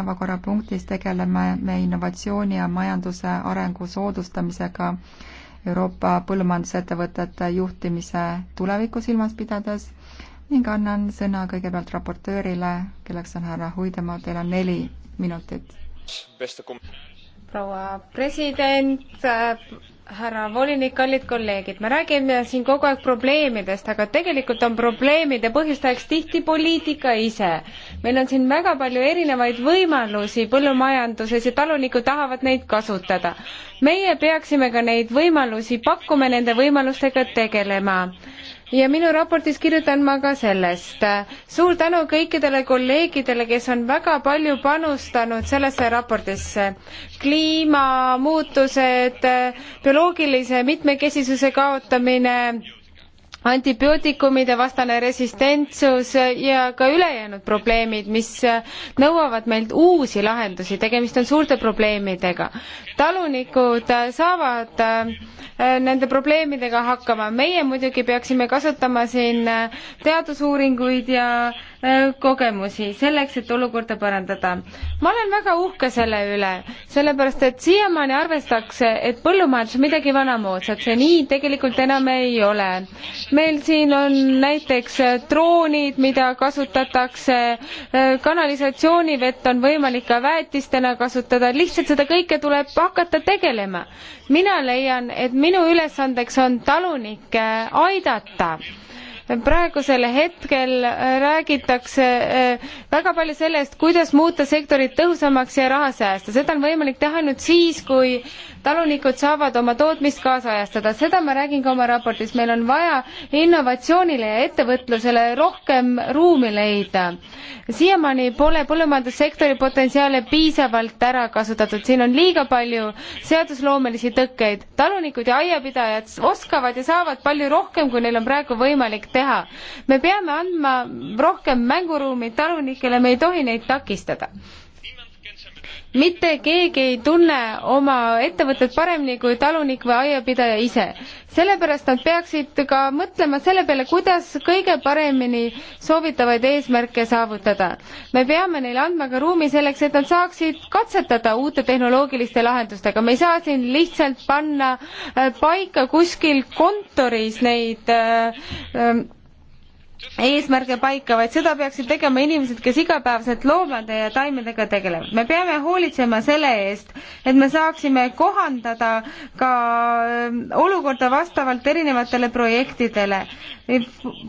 päevakorrapunktis tegeleme me innovatsiooni ja majanduse arengu soodustamisega Euroopa põllumajandusettevõtete juhtimise tulevikku silmas pidades ning annan sõna kõigepealt raportöörile, kelleks on härra Huidemaa, teil on neli minutit. proua president, härra volinik, kallid kolleegid, me räägime siin kogu aeg probleemidest, aga tegelikult on probleemide põhjustajaks tihti poliitika ise. meil on siin väga palju erinevaid võimalusi põllumajanduses ja talunikud tahavad neid kasutada. meie peaksime ka neid võimalusi pakkuma ja nende võimalustega tegelema ja minu raportis kirjutan ma ka sellest. suur tänu kõikidele kolleegidele, kes on väga palju panustanud sellesse raportisse. kliimamuutused, bioloogilise mitmekesisuse kaotamine antibiootikumide vastane resistentsus ja ka ülejäänud probleemid, mis nõuavad meilt uusi lahendusi, tegemist on suurte probleemidega. talunikud saavad äh, nende probleemidega hakkama, meie muidugi peaksime kasutama siin äh, teadusuuringuid ja äh, kogemusi selleks, et olukorda parandada. ma olen väga uhke selle üle, sellepärast et siiamaani arvestatakse, et põllumajandus on midagi vanamoodsat, see nii tegelikult enam ei ole meil siin on näiteks äh, droonid, mida kasutatakse, äh, kanalisatsioonivett on võimalik ka väetistena kasutada, lihtsalt seda kõike tuleb hakata tegelema. mina leian, et minu ülesandeks on talunikke äh, aidata praegusel hetkel räägitakse väga palju sellest, kuidas muuta sektorit tõhusamaks ja raha säästa. seda on võimalik teha ainult siis, kui talunikud saavad oma tootmist kaasajastada, seda ma räägin ka oma raportis, meil on vaja innovatsioonile ja ettevõtlusele rohkem ruumi leida. siiamaani pole põllumajandussektori potentsiaale piisavalt ära kasutatud, siin on liiga palju seadusloomelisi tõkkeid. talunikud ja aiapidajad oskavad ja saavad palju rohkem, kui neil on praegu võimalik teha. me peame andma rohkem mänguruumi talunikele, me ei tohi neid takistada mitte keegi ei tunne oma ettevõtet paremini kui talunik või aiapidaja ise. sellepärast nad peaksid ka mõtlema selle peale, kuidas kõige paremini soovitavaid eesmärke saavutada. me peame neile andma ka ruumi selleks, et nad saaksid katsetada uute tehnoloogiliste lahendustega, me ei saa siin lihtsalt panna äh, paika kuskil kontoris neid äh, äh, eesmärge paika, vaid seda peaksid tegema inimesed, kes igapäevaselt loomade ja taimedega tegelevad. me peame hoolitsema selle eest, et me saaksime kohandada ka ähm, olukorda vastavalt erinevatele projektidele.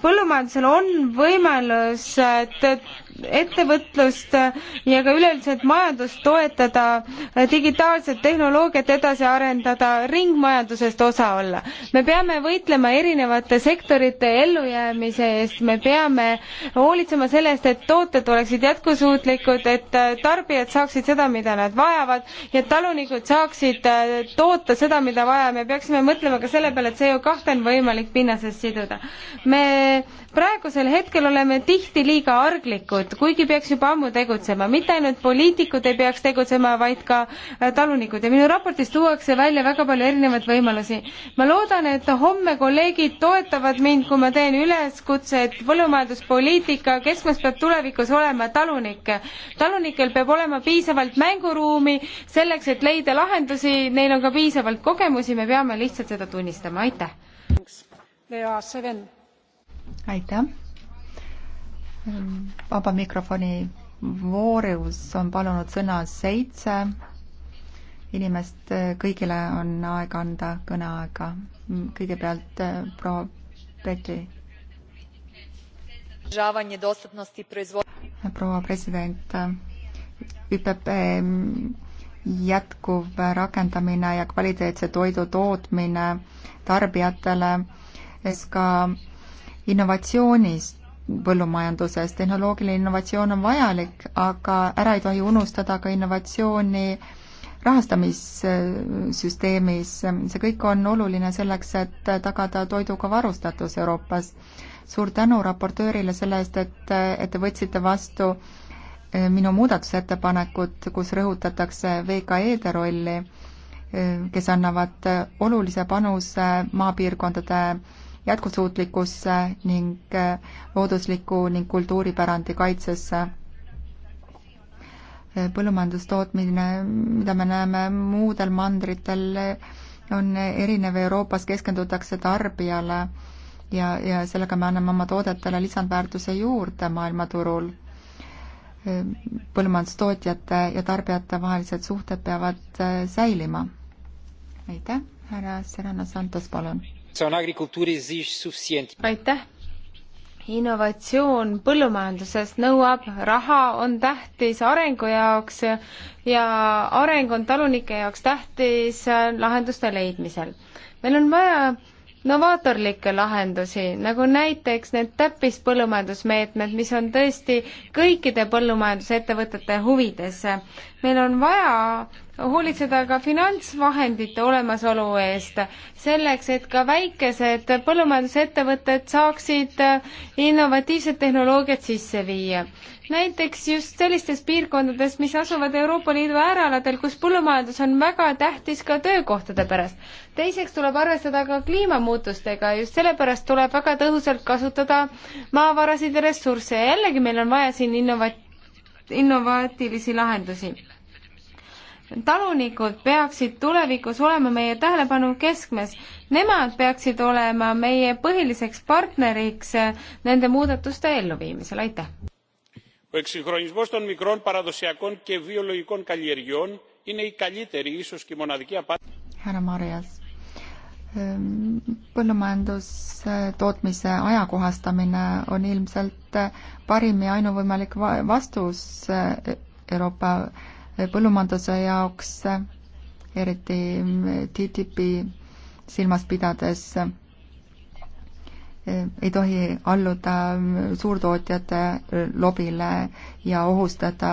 põllumajandusel on võimalus ettevõtlust ja ka üleüldiselt majandust toetada, digitaalset tehnoloogiat edasi arendada, ringmajandusest osa olla. me peame võitlema erinevate sektorite ellujäämise eest me peame hoolitsema selle eest, et tooted oleksid jätkusuutlikud, et äh, tarbijad saaksid seda, mida nad vajavad ja talunikud saaksid äh, toota seda, mida vaja. me peaksime mõtlema ka selle peale, et CO kahte on võimalik pinnasest siduda. me praegusel hetkel oleme tihti liiga arglikud, kuigi peaks juba ammu tegutsema, mitte ainult poliitikud ei peaks tegutsema, vaid ka äh, talunikud ja minu raportis tuuakse välja väga palju erinevaid võimalusi. ma loodan, et homme kolleegid toetavad mind, kui ma teen üleskutse, et et põllumajanduspoliitika keskmes peab tulevikus olema talunik. talunikel peab olema piisavalt mänguruumi selleks, et leida lahendusi, neil on ka piisavalt kogemusi, me peame lihtsalt seda tunnistama, aitäh. aitäh. vaba mikrofoni voorus on palunud sõna seitse inimest, kõigile on aega anda kõneaega. kõigepealt äh, proua Petri proua president, ÜPP jätkuv rakendamine ja kvaliteetse toidu tootmine tarbijatele, ka innovatsioonist põllumajanduses, tehnoloogiline innovatsioon on vajalik, aga ära ei tohi unustada ka innovatsiooni rahastamissüsteemis, see kõik on oluline selleks, et tagada toiduga varustatus Euroopas. suur tänu raportöörile selle eest, et, et te võtsite vastu eh, minu muudatusettepanekut, kus rõhutatakse VKE-de rolli, eh, kes annavad olulise panuse maapiirkondade jätkusuutlikkusse ning eh, loodusliku ning kultuuripärandi kaitsesse Eh, põllumajandustootmine, mida me näeme muudel mandritel, on erinev, Euroopas keskendutakse tarbijale ja, ja sellega me anname oma toodetele lisandväärtuse juurde maailmaturul. Eh, põllumajandustootjate ja tarbijate vahelised suhted peavad eh, säilima. aitäh, härra Serena Santos, palun! aitäh! innovatsioon põllumajanduses nõuab raha, on tähtis arengu jaoks ja areng on talunike jaoks tähtis lahenduste leidmisel. meil on vaja novaatorlikke lahendusi, nagu näiteks need täppispõllumajandusmeetmed, mis on tõesti kõikide põllumajandusettevõtete huvides. meil on vaja hoolitseda ka finantsvahendite olemasolu eest, selleks et ka väikesed põllumajandusettevõtted saaksid innovatiivset tehnoloogiat sisse viia näiteks just sellistes piirkondades, mis asuvad Euroopa Liidu äärealadel, kus põllumajandus on väga tähtis ka töökohtade pärast. teiseks tuleb arvestada ka kliimamuutustega, just sellepärast tuleb väga tõhusalt kasutada maavarasid ja ressursse ja jällegi meil on vaja siin innova-, innovaatilisi lahendusi talunikud peaksid tulevikus olema meie tähelepanu keskmes. Nemad peaksid olema meie põhiliseks partneriks nende muudatuste elluviimisel, aitäh! ο εξυγχρονισμός των μικρών παραδοσιακών και βιολογικών καλλιεργειών είναι η καλύτερη ίσως και η μοναδική απάντηση. härra Marjas, põllumajandustootmise ajakohastamine on ilmselt parim ja ainuvõimalik vastus e, Euroopa põllumajanduse jaoks, eriti TTIP-i silmas pidades ei tohi alluda suurtootjate lobile ja ohustada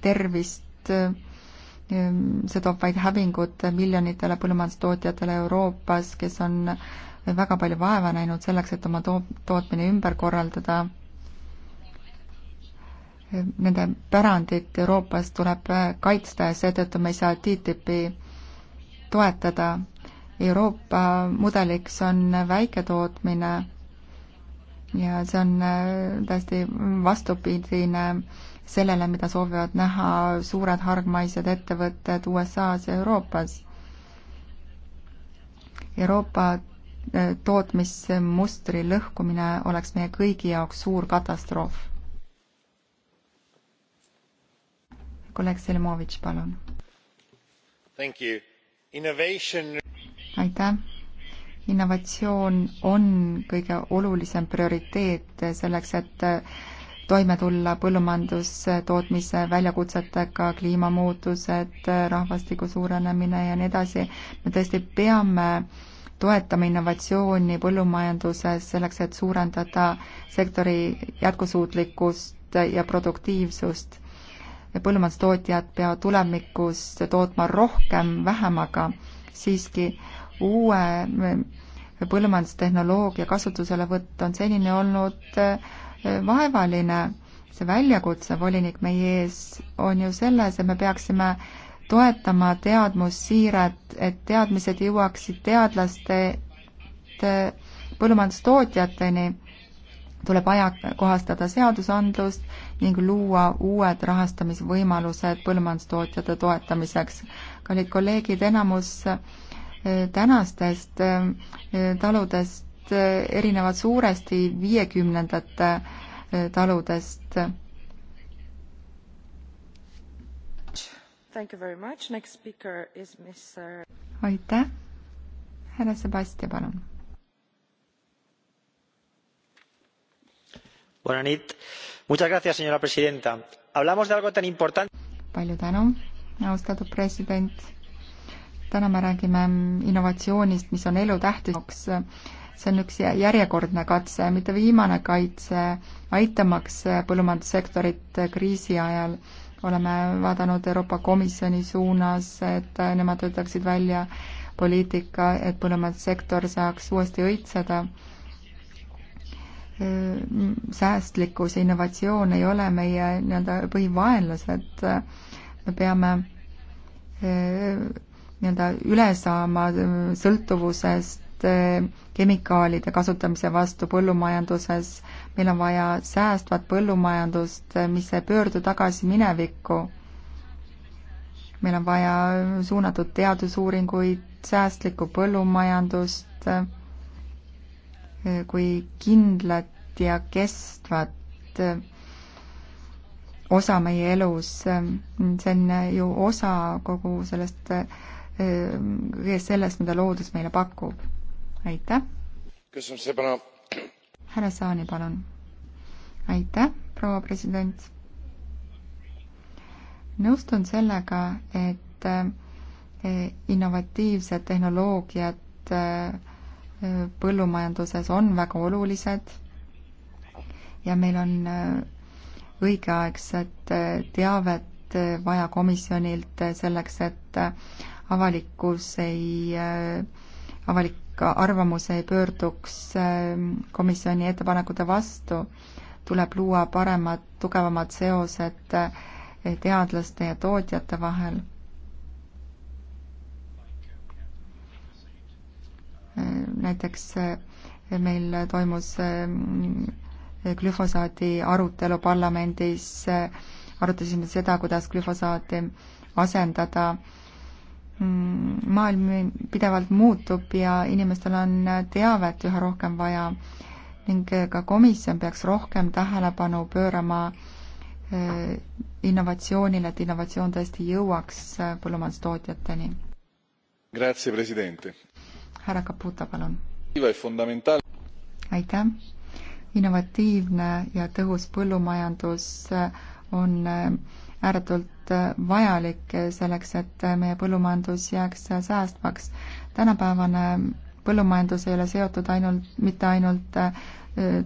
tervist. see toob vaid hävingut miljonitele põllumajandustootjatele Euroopas, kes on väga palju vaeva näinud selleks, et oma to-, tootmine ümber korraldada. Nende pärandit Euroopas tuleb kaitsta ja seetõttu me ei saa TTIP-i toetada Euroopa mudeliks on väiketootmine ja see on äh, täiesti vastupidine sellele, mida soovivad näha suured hargmaised ettevõtted USA-s ja Euroopas. Euroopa äh, tootmismustri lõhkumine oleks meie kõigi jaoks suur katastroof. kolleeg Selimovitš, palun. Thank you aitäh. innovatsioon on kõige olulisem prioriteet selleks, et toime tulla põllumajandustootmise väljakutsetega, kliimamuutused, rahvastiku suurenemine ja nii edasi. me tõesti peame toetama innovatsiooni põllumajanduses selleks, et suurendada sektori jätkusuutlikkust ja produktiivsust põllumajandustootjad peavad tulevikus tootma rohkem vähemaga, siiski uue eh, põllumajandustehnoloogia kasutuselevõtt on senini olnud eh, vaevaline. see väljakutse, volinik, meie ees on ju selles, et me peaksime toetama teadmussiiret, et teadmised jõuaksid teadlaste eh, põllumajandustootjateni tuleb ajakohastada seadusandlust ning luua uued rahastamisvõimalused põllumajandustootjate toetamiseks. kallid kolleegid, enamus eh, tänastest eh, taludest eh, erinevad suuresti viiekümnendate taludest. aitäh, härra Sebastia, palun señora presidenta hablamos de algo tan importante. palju tänu, austatud president. täna me räägime innovatsioonist, mis on elutähtis. see on üks järjekordne katse, mitte viimane kaitse, aitamaks põllumajandussektorit kriisi ajal. oleme vaadanud Euroopa Komisjoni suunas, et nemad töötaksid välja poliitika, et põllumajandussektor saaks uuesti õitseda Mm, säästlikkus ja innovatsioon ei ole meie nii-öelda põhivaenlased, me peame eh, nii-öelda üle saama sõltuvusest eh, kemikaalide kasutamise vastu põllumajanduses, meil on vaja säästvat põllumajandust, eh, mis ei pöördu tagasi minevikku. meil on vaja suunatud teadusuuringuid, säästlikku põllumajandust kui kindlat ja kestvat osa meie elus. see on ju osa kogu sellest, kõigest sellest, mida loodus meile pakub. aitäh! härra Saani, palun! aitäh, proua president! nõustun sellega, et eh, innovatiivsed tehnoloogiad äh, põllumajanduses on väga olulised ja meil on äh, õigeaegset äh, teavet äh, vaja komisjonilt selleks, et avalikkus ei, avalik arvamus ei pöörduks ähm, komisjoni ettepanekute vastu, tuleb luua paremad, tugevamad seosed teadlaste ja tootjate vahel näiteks eh, meil toimus eh, glüfosaadi arutelu parlamendis, arutasime seda, kuidas glüfosaati asendada. Mm, maailm pidevalt muutub ja inimestel on teavet üha rohkem vaja ning ka komisjon peaks rohkem tähelepanu pöörama eh, innovatsioonile, et innovatsioon tõesti jõuaks põllumajandustootjateni härra Caputa, palun. E aitäh. innovatiivne ja tõhus põllumajandus on ääretult vajalik selleks, et meie põllumajandus jääks säästvaks. tänapäevane põllumajandus ei ole seotud ainult, mitte ainult äh,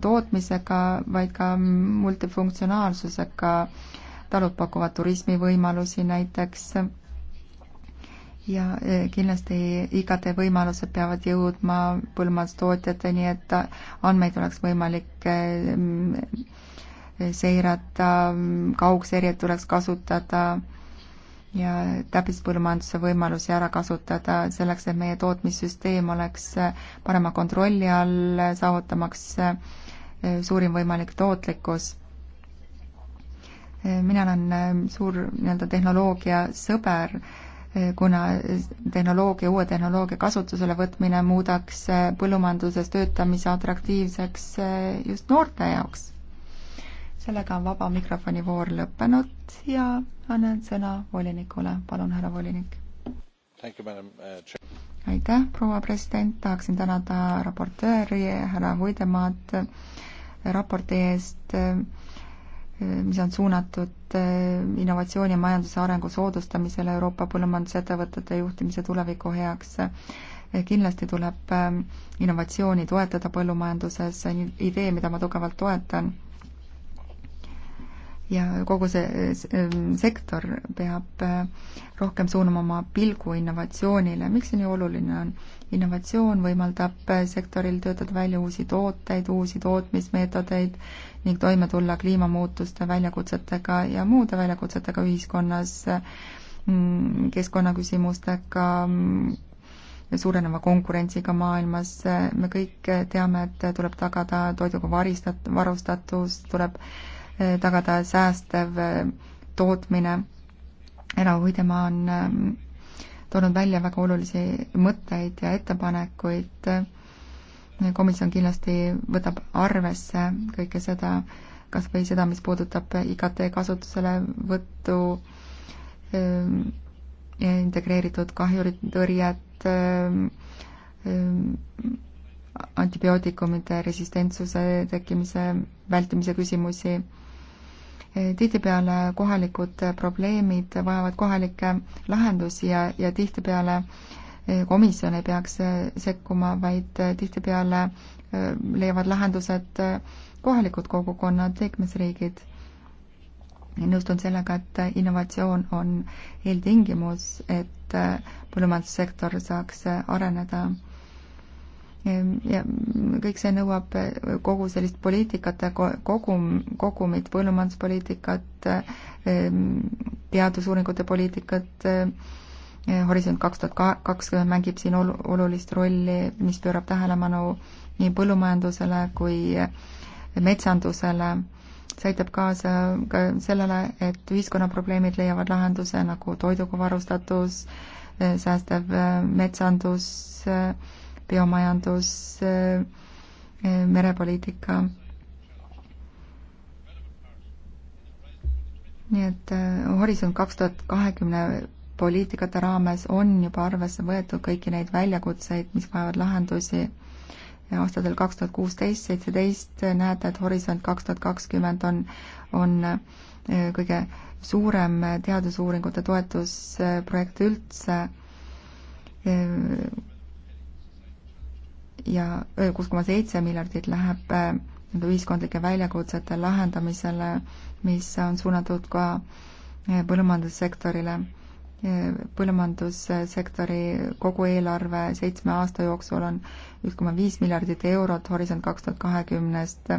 tootmisega, vaid ka multifunktsionaalsusega. talud pakuvad turismivõimalusi näiteks ja e, kindlasti IKT võimalused peavad jõudma põllumajandustootjateni, et andmeid oleks võimalik e, e, seirata, kaugseiret tuleks kasutada ja täppispõllumajanduse võimalusi ära kasutada selleks, et meie tootmissüsteem oleks parema kontrolli all, saavutamaks suurim võimalik tootlikkus mina olen suur nii-öelda tehnoloogiasõber Eh, kuna tehnoloogia, uue tehnoloogia kasutusele võtmine muudaks eh, põllumajanduses töötamise atraktiivseks eh, just noorte jaoks. sellega on vaba mikrofoni voor lõppenud ja annan sõna volinikule, palun, härra volinik. aitäh, proua president, tahaksin tänada raportööri härra Hoidemaad raporti eest Eh, mis on suunatud eh, innovatsiooni ja majanduse arengu soodustamisele Euroopa põllumajandusettevõtete juhtimise tuleviku heaks. Eh, kindlasti tuleb innovatsiooni toetada põllumajanduses, idee, mida ma tugevalt toetan ja kogu see sektor peab äh, rohkem suunama oma pilgu innovatsioonile. miks see nii oluline on? innovatsioon võimaldab äh, sektoril töötada välja uusi tooteid, uusi tootmismeetodeid ning toime tulla kliimamuutuste väljakutsetega ja muude väljakutsetega ühiskonnas, mm, keskkonnaküsimustega, mm, suureneva konkurentsiga maailmas, me kõik teame, et tuleb tagada toiduga varistat-, varustatus, tuleb äh, tagada säästev äh, tootmine. erahoidjamaa on äh, toonud välja väga olulisi mõtteid ja ettepanekuid. komisjon kindlasti võtab arvesse kõike seda, kas või seda, mis puudutab IKT kasutuselevõttu, äh, integreeritud kahjuritõrjet, antibiootikumide resistentsuse tekkimise vältimise küsimusi tihtipeale kohalikud probleemid vajavad kohalikke lahendusi ja, ja tihtipeale eh, komisjon ei peaks eh, sekkuma, vaid eh, tihtipeale leiavad lahendused kohalikud kogukonnad, liikmesriigid. nõustun sellega, et innovatsioon on eeltingimus, et põllumajandussektor saaks areneda Ehm, ja kõik see nõuab eh, kogu sellist poliitikate kogum, kogumit, põllumajanduspoliitikat, ehm, teadusuuringute poliitikat, eh, Horisont kaks tuhat kakskümmend mängib siin ol-, olulist rolli, mis pöörab tähelepanu nii põllumajandusele kui eh, metsandusele, see aitab kaasa ka sellele, et ühiskonna probleemid leiavad lahenduse, nagu toiduga varustatus, säästev metsandus, biomajandus, eh, eh, merepoliitika. nii et eh, Horisont kaks tuhat kahekümne poliitikate raames on juba arvesse võetud kõiki neid väljakutseid, mis vajavad lahendusi. aastatel kaks tuhat kuusteist, seitseteist näete, et Horisont kaks tuhat kakskümmend on, on kõige suurem teadusuuringute toetusprojekt üldse ja kuus koma seitse miljardit läheb äh, nii-öelda ühiskondlike väljakutsete lahendamisele, mis on suunatud ka äh, põllumajandussektorile. Äh, põllumajandussektori kogu eelarve seitsme aasta jooksul on üks koma viis miljardit eurot Horisont kaks tuhat kahekümnest.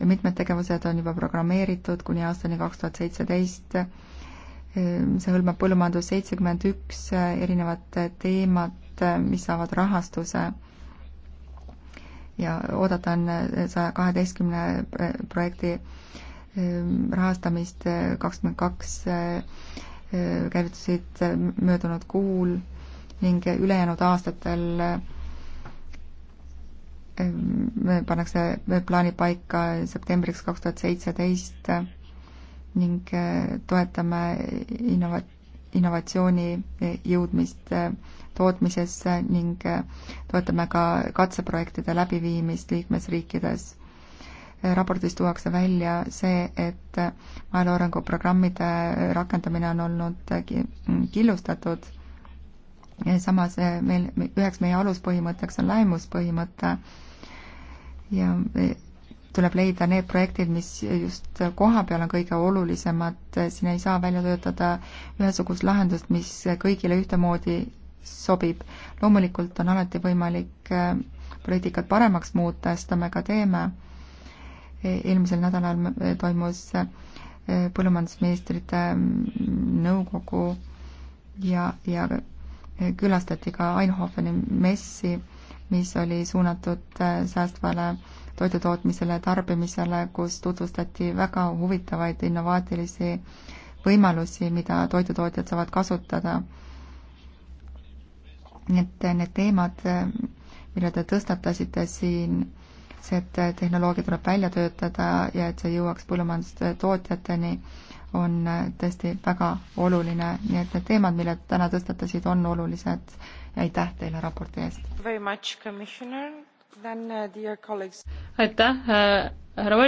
mitmed tegevused on juba programmeeritud kuni aastani kaks tuhat seitseteist see hõlmab põllumajandus seitsekümmend üks erinevat teemat, mis saavad rahastuse ja oodatan saja kaheteistkümne projekti ehm, rahastamist, kakskümmend kaks ehm, käivitusid möödunud kuul ning ülejäänud aastatel ehm, pannakse plaanid paika septembriks kaks tuhat seitseteist ning toetame innovat-, innovatsiooni jõudmist eh, tootmisesse ning eh, toetame ka katseprojektide läbiviimist liikmesriikides. Eh, raportis tuuakse välja see, et maaelu arenguprogrammide rakendamine on olnud mm, killustatud, samas meil, üheks meie aluspõhimõtteks on lähimuspõhimõte ja tuleb leida need projektid, mis just koha peal on kõige olulisemad, siin ei saa välja töötada ühesugust lahendust, mis kõigile ühtemoodi sobib. loomulikult on alati võimalik äh, poliitikat paremaks muuta, seda me ka teeme. E, eelmisel nädalal e, toimus äh, põllumajandusministrite nõukogu ja, ja e, külastati ka Einhofeni messi, mis oli suunatud äh, säästvale toidutootmisele ja tarbimisele, kus tutvustati väga huvitavaid innovaatilisi võimalusi, mida toidutootjad saavad kasutada. nii et need teemad, mille te tõstatasite siin, see, et tehnoloogia tuleb välja töötada ja et see jõuaks põllumajandustootjateni, on tõesti väga oluline, nii et need teemad, mille täna tõstatasid, on olulised ja aitäh teile raporti eest! Uh, aitäh, äh, härra volinik.